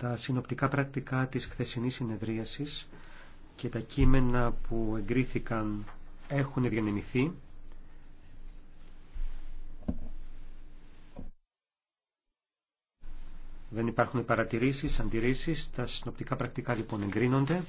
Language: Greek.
τα συνοπτικά πρακτικά της χθεσινής συνεδρίασης και τα κείμενα που εγκρίθηκαν έχουν διανεμηθεί. Δεν υπάρχουν παρατηρήσεις, αντιρρήσεις. Τα συνοπτικά πρακτικά λοιπόν εγκρίνονται.